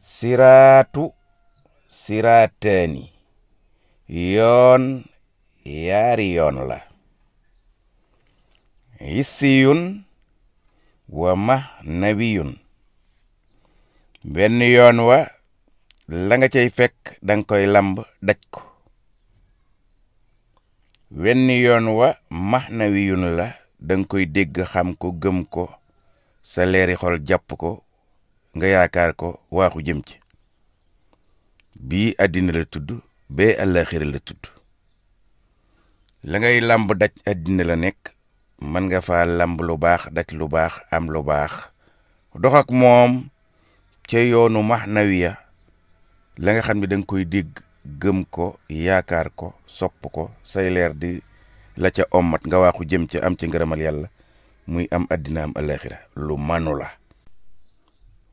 siraatu siraataani yoon yaari yoon la hissiyun wa mahnawiyun benn yoon wa la nga cay fekk danga koy lamb daj ko wenn yoon wa mahnawiyun la danga koy dégg xam ko gëm ko sa leeri xol jàpp ko nga yaakaar ko waaxu jëm ci bii àddina la tudd bee àllaaxira la tudd la ngay làmb daj àddina la nekk mën nga fa lamb lu baax daj lu baax am lu baax doxak moom ca yoonu maxnawiya la nga xam ne da koy digg gëm ko yaakaar ko sopp ko say leer di la ca ommat nga waaxu jëm ci am ci ngërëmal yàlla muy am àddina am àllaaxira lu manu la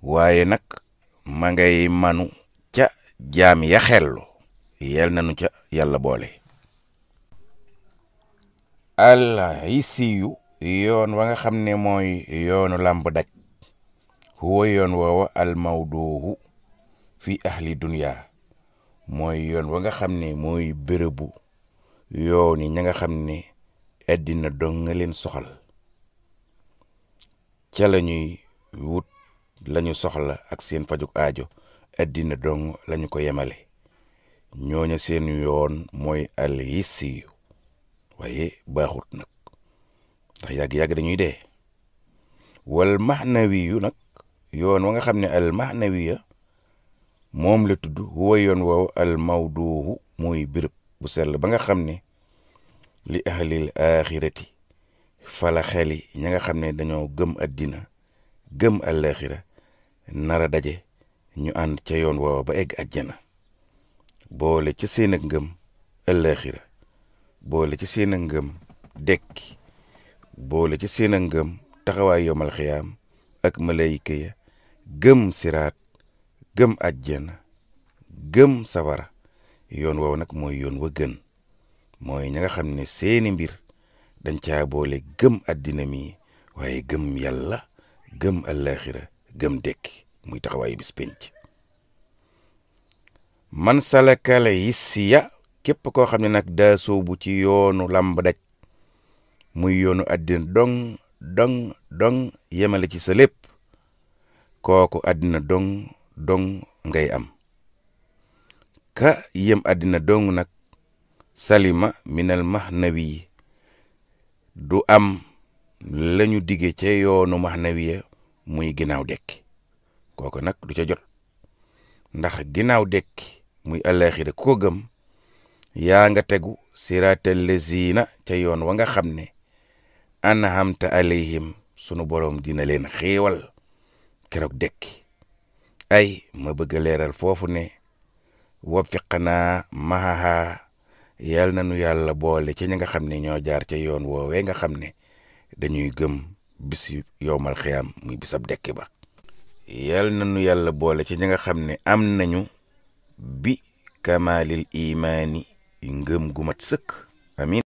waaye nag ma ngay manu ca jaam ya xellu yel nañu ca yàlla boole alxisiyu yoon wa nga xam ne mooy yoonu làmb daj huwa yoon woowa almawduuhu fi ahli dunya mooy yoon wa xam ne mooy bërëbu yoon yi ña nga xam ne eddina dong nga leen soxal ñuy wut lañu soxla ak seen fajuk aajo addina dong lañu ko yemale ñooña seen yoon mooy al yissiyu waaye baaxut nag ndax yàgg-yàgg dañuy dee wal mahnawiyu nag yoon wa nga xam ne al mahnawiya moom la tudd huwa yoon woowu al mawduuhu mooy bërëb bu sell ba nga xam ne li ahlil axirati fala xeli ña nga xam ne dañoo gëm addina gëm alaxira nara daje ñu ànd ca yoon woowa ba egg àjjana boole ci seen ak ngëm ëllëxira boole ci seen ak ngëm dekki boole ca seen ak ngëm taxawaay yomal xiyaam ak malayka ya gëm siraat gëm àjjana gëm sawara yoon woowu nag mooy yoon wa gën mooy ña nga xam ne seeni mbir dañ ca boole gëm àddina mi waaye gëm yàlla gëm àllaaxira gëm dekki muy taxawaayu bis penc man salakale yi siya képp koo xam ne nag daa ci yoonu làmb daj muy yoonu àddina dong dong dong yemale ci sa lépp kooku àddina dong dong ngay am ka yem àddina dong nag salima minal mahnawi yi du am lañu digge ca yoonu mahnawiya muy ginnaaw dekk kooku nag du ca jot ndax ginnaaw dekki muy àllaaxira ku ko gëm yaa nga tegu siraatal lazina ca yoon wa nga xam ne anhamta alayhim sunu boroom dina leen xéewal keroog dekki ay ma bëgg a leeral foofu ne wafiqnaa mahaha yal na nu yàlla boole ci ñi nga xam ne ñoo jaar ca yoon woowee nga xam ne dañuy gëm bis yowmal xiyaam muy bisab dekki ba yal nañu yàlla boole ci ñi nga xam ne am nañu bi kamali imaani ngëm gu mat sëkk amin